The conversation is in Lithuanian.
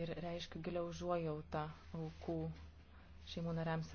ir reiškiu giliau užuojautą aukų šeimų nariams